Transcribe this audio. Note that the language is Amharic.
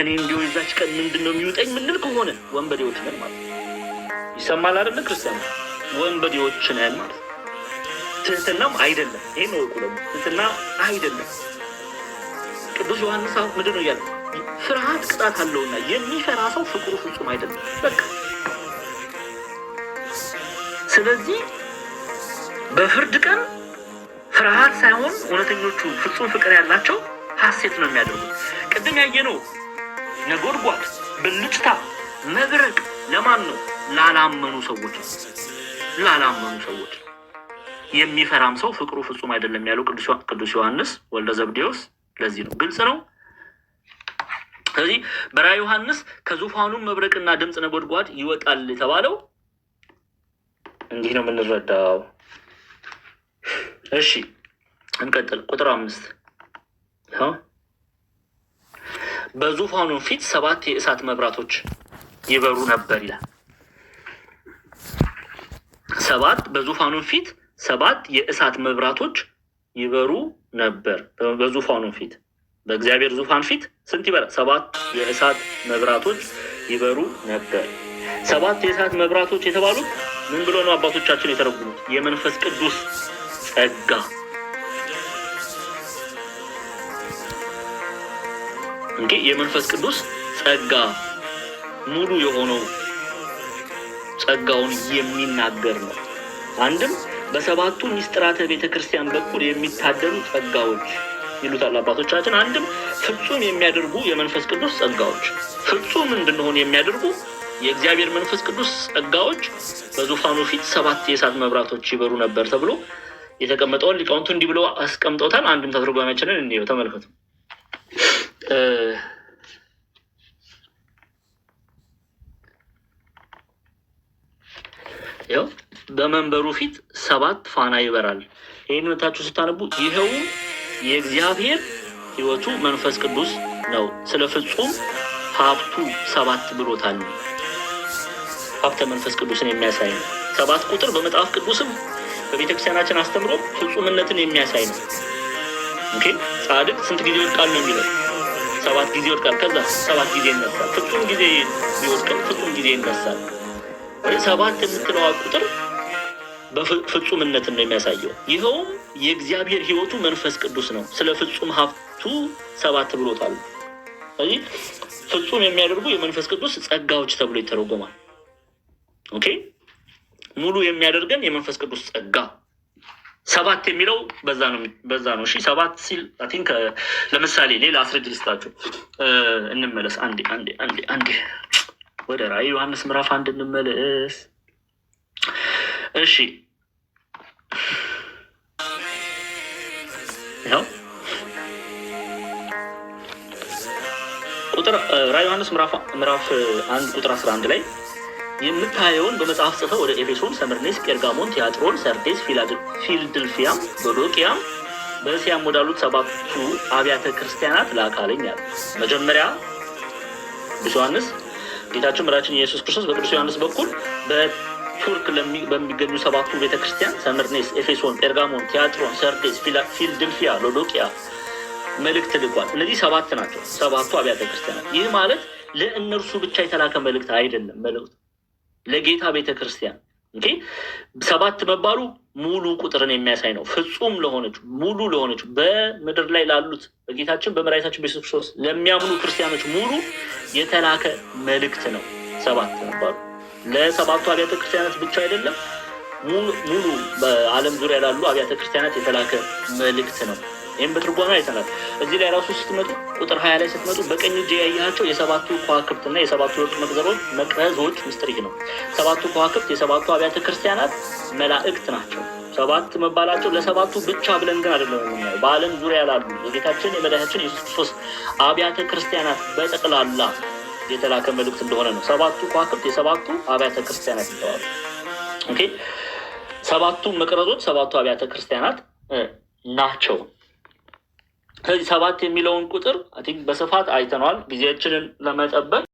እኔ እንዲሁ የዛች ቀን ምንድን ነው የሚውጠኝ ምንል ከሆነ ወንበዴዎች ነን ማለት ይሰማል አይደለ? ክርስቲያን ወንበዴዎች ነን ማለት ትህትናም አይደለም። ይህ ነው ቁ ትህትና አይደለም። ቅዱስ ዮሐንስ አሁን ምንድን ነው እያለ ፍርሃት ቅጣት አለውና የሚፈራ ሰው ፍቅሩ ፍጹም አይደለም። በቃ ስለዚህ በፍርድ ቀን ፍርሃት ሳይሆን እውነተኞቹ ፍጹም ፍቅር ያላቸው ሀሴት ነው የሚያደርጉት። ቅድም ያየ ነው ነጎድጓድ፣ ብልጭታ፣ መብረቅ ለማን ነው? ላላመኑ ሰዎች ነው። ላላመኑ ሰዎች የሚፈራም ሰው ፍቅሩ ፍጹም አይደለም ያለው ቅዱስ ዮሐንስ ወልደ ዘብዴዎስ ለዚህ ነው። ግልጽ ነው። ስለዚህ በራዕየ ዮሐንስ ከዙፋኑም መብረቅና ድምፅ ነጎድጓድ ይወጣል የተባለው እንዲህ ነው የምንረዳው። እሺ እንቀጥል። ቁጥር አምስት በዙፋኑ ፊት ሰባት የእሳት መብራቶች ይበሩ ነበር ይላል። ሰባት በዙፋኑ ፊት ሰባት የእሳት መብራቶች ይበሩ ነበር። በዙፋኑ ፊት በእግዚአብሔር ዙፋን ፊት ስንት ይበራል? ሰባት የእሳት መብራቶች ይበሩ ነበር። ሰባት የእሳት መብራቶች የተባሉት ምን ብሎ ነው አባቶቻችን የተረጉሙት? የመንፈስ ቅዱስ ጸጋ እንግዲህ የመንፈስ ቅዱስ ጸጋ ሙሉ የሆነው ጸጋውን የሚናገር ነው። አንድም በሰባቱ ሚስጥራተ ቤተክርስቲያን በኩል የሚታደሉ ጸጋዎች ይሉታል አባቶቻችን። አንድም ፍጹም የሚያደርጉ የመንፈስ ቅዱስ ጸጋዎች፣ ፍጹም እንድንሆን የሚያደርጉ የእግዚአብሔር መንፈስ ቅዱስ ጸጋዎች በዙፋኑ ፊት ሰባት የእሳት መብራቶች ይበሩ ነበር ተብሎ የተቀመጠውን ሊቃውንቱ እንዲህ ብለው አስቀምጠውታል። አንድም ተተርጓሚያችንን እንየው፣ ተመልከቱ። ያው በመንበሩ ፊት ሰባት ፋና ይበራል። ይህን መታችሁ ስታነቡ ይኸው የእግዚአብሔር ሕይወቱ መንፈስ ቅዱስ ነው። ስለ ፍጹም ሀብቱ ሰባት ብሎታል። ሀብተ መንፈስ ቅዱስን የሚያሳይ ነው። ሰባት ቁጥር በመጽሐፍ ቅዱስም በቤተ ክርስቲያናችን አስተምሮ ፍጹምነትን የሚያሳይ ነው። ኦኬ ጻድቅ ስንት ጊዜ ይወድቃል ነው የሚለው ሰባት ጊዜ ይወድቃል። ከዛ ሰባት ጊዜ ይነሳል። ፍጹም ጊዜ ይወድቃል፣ ፍጹም ጊዜ ይነሳል። ሰባት የምትለዋ ቁጥር በፍጹምነትን ነው የሚያሳየው። ይኸውም የእግዚአብሔር ሕይወቱ መንፈስ ቅዱስ ነው። ስለ ፍጹም ሀብቱ ሰባት ብሎታል። ስለዚህ ፍጹም የሚያደርጉ የመንፈስ ቅዱስ ጸጋዎች ተብሎ ይተረጎማል። ኦኬ ሙሉ የሚያደርገን የመንፈስ ቅዱስ ጸጋ ሰባት የሚለው በዛ ነው። እሺ ሰባት ሲል ቲንክ uh, ለምሳሌ ሌላ አስረጅ ልስታቸው uh, እንመለስ። አንዴ አንዴ አንዴ አንዴ ወደ ራእይ ዮሐንስ ምዕራፍ አንድ እንመለስ። እሺ ይኸው ቁጥር uh, ራዕይ ዮሐንስ ምዕራፍ አንድ ቁጥር አስራ አንድ ላይ የምታየውን በመጽሐፍ ጽፈው ወደ ኤፌሶን፣ ሰምርኔስ፣ ጴርጋሞን፣ ቲያጥሮን፣ ሰርዴስ፣ ፊልድልፊያ፣ ሎዶቅያ በእስያም ወዳሉት ሰባቱ አብያተ ክርስቲያናት ላካለኝ አለ። መጀመሪያ ቅዱስ ዮሐንስ ጌታችን መራችን ኢየሱስ ክርስቶስ በቅዱስ ዮሐንስ በኩል በቱርክ በሚገኙ ሰባቱ ቤተ ክርስቲያን ሰምርኔስ፣ ኤፌሶን፣ ጴርጋሞን፣ ቲያጥሮን፣ ሰርዴስ፣ ፊልድልፊያ፣ ሎዶቅያ መልእክት ልኳል። እነዚህ ሰባት ናቸው ሰባቱ አብያተ ክርስቲያናት። ይህ ማለት ለእነርሱ ብቻ የተላከ መልእክት አይደለም መልእክት ለጌታ ቤተ ክርስቲያን ሰባት መባሉ ሙሉ ቁጥርን የሚያሳይ ነው። ፍጹም ለሆነች ሙሉ ለሆነች በምድር ላይ ላሉት በጌታችን በመድኃኒታችን በኢየሱስ ክርስቶስ ለሚያምኑ ክርስቲያኖች ሙሉ የተላከ መልእክት ነው። ሰባት መባሉ ለሰባቱ አብያተ ክርስቲያናት ብቻ አይደለም፣ ሙሉ በዓለም ዙሪያ ላሉ አብያተ ክርስቲያናት የተላከ መልእክት ነው። ይህም በትርጓሜ አይተናል። እዚህ ላይ ራሱ ስትመጡ ቁጥር ሀያ ላይ ስትመጡ በቀኝ እጅ ያያቸው የሰባቱ ከዋክብትና የሰባቱ የወርቅ መቅዘሮች መቅረዞች ምስጢር ነው። ሰባቱ ከዋክብት የሰባቱ አብያተ ክርስቲያናት መላእክት ናቸው። ሰባት መባላቸው ለሰባቱ ብቻ ብለን ግን አይደለም የምናየው። በዓለም ዙሪያ ላሉ የጌታችን የመድኃኒታችን ኢየሱስ ክርስቶስ አብያተ ክርስቲያናት በጠቅላላ የተላከ መልእክት እንደሆነ ነው። ሰባቱ ከዋክብት የሰባቱ አብያተ ክርስቲያናት ይተዋሉ። ሰባቱ መቅረዞች ሰባቱ አብያተ ክርስቲያናት ናቸው። ከዚህ ሰባት የሚለውን ቁጥር በስፋት አይተነዋል። ጊዜያችንን ለመጠበቅ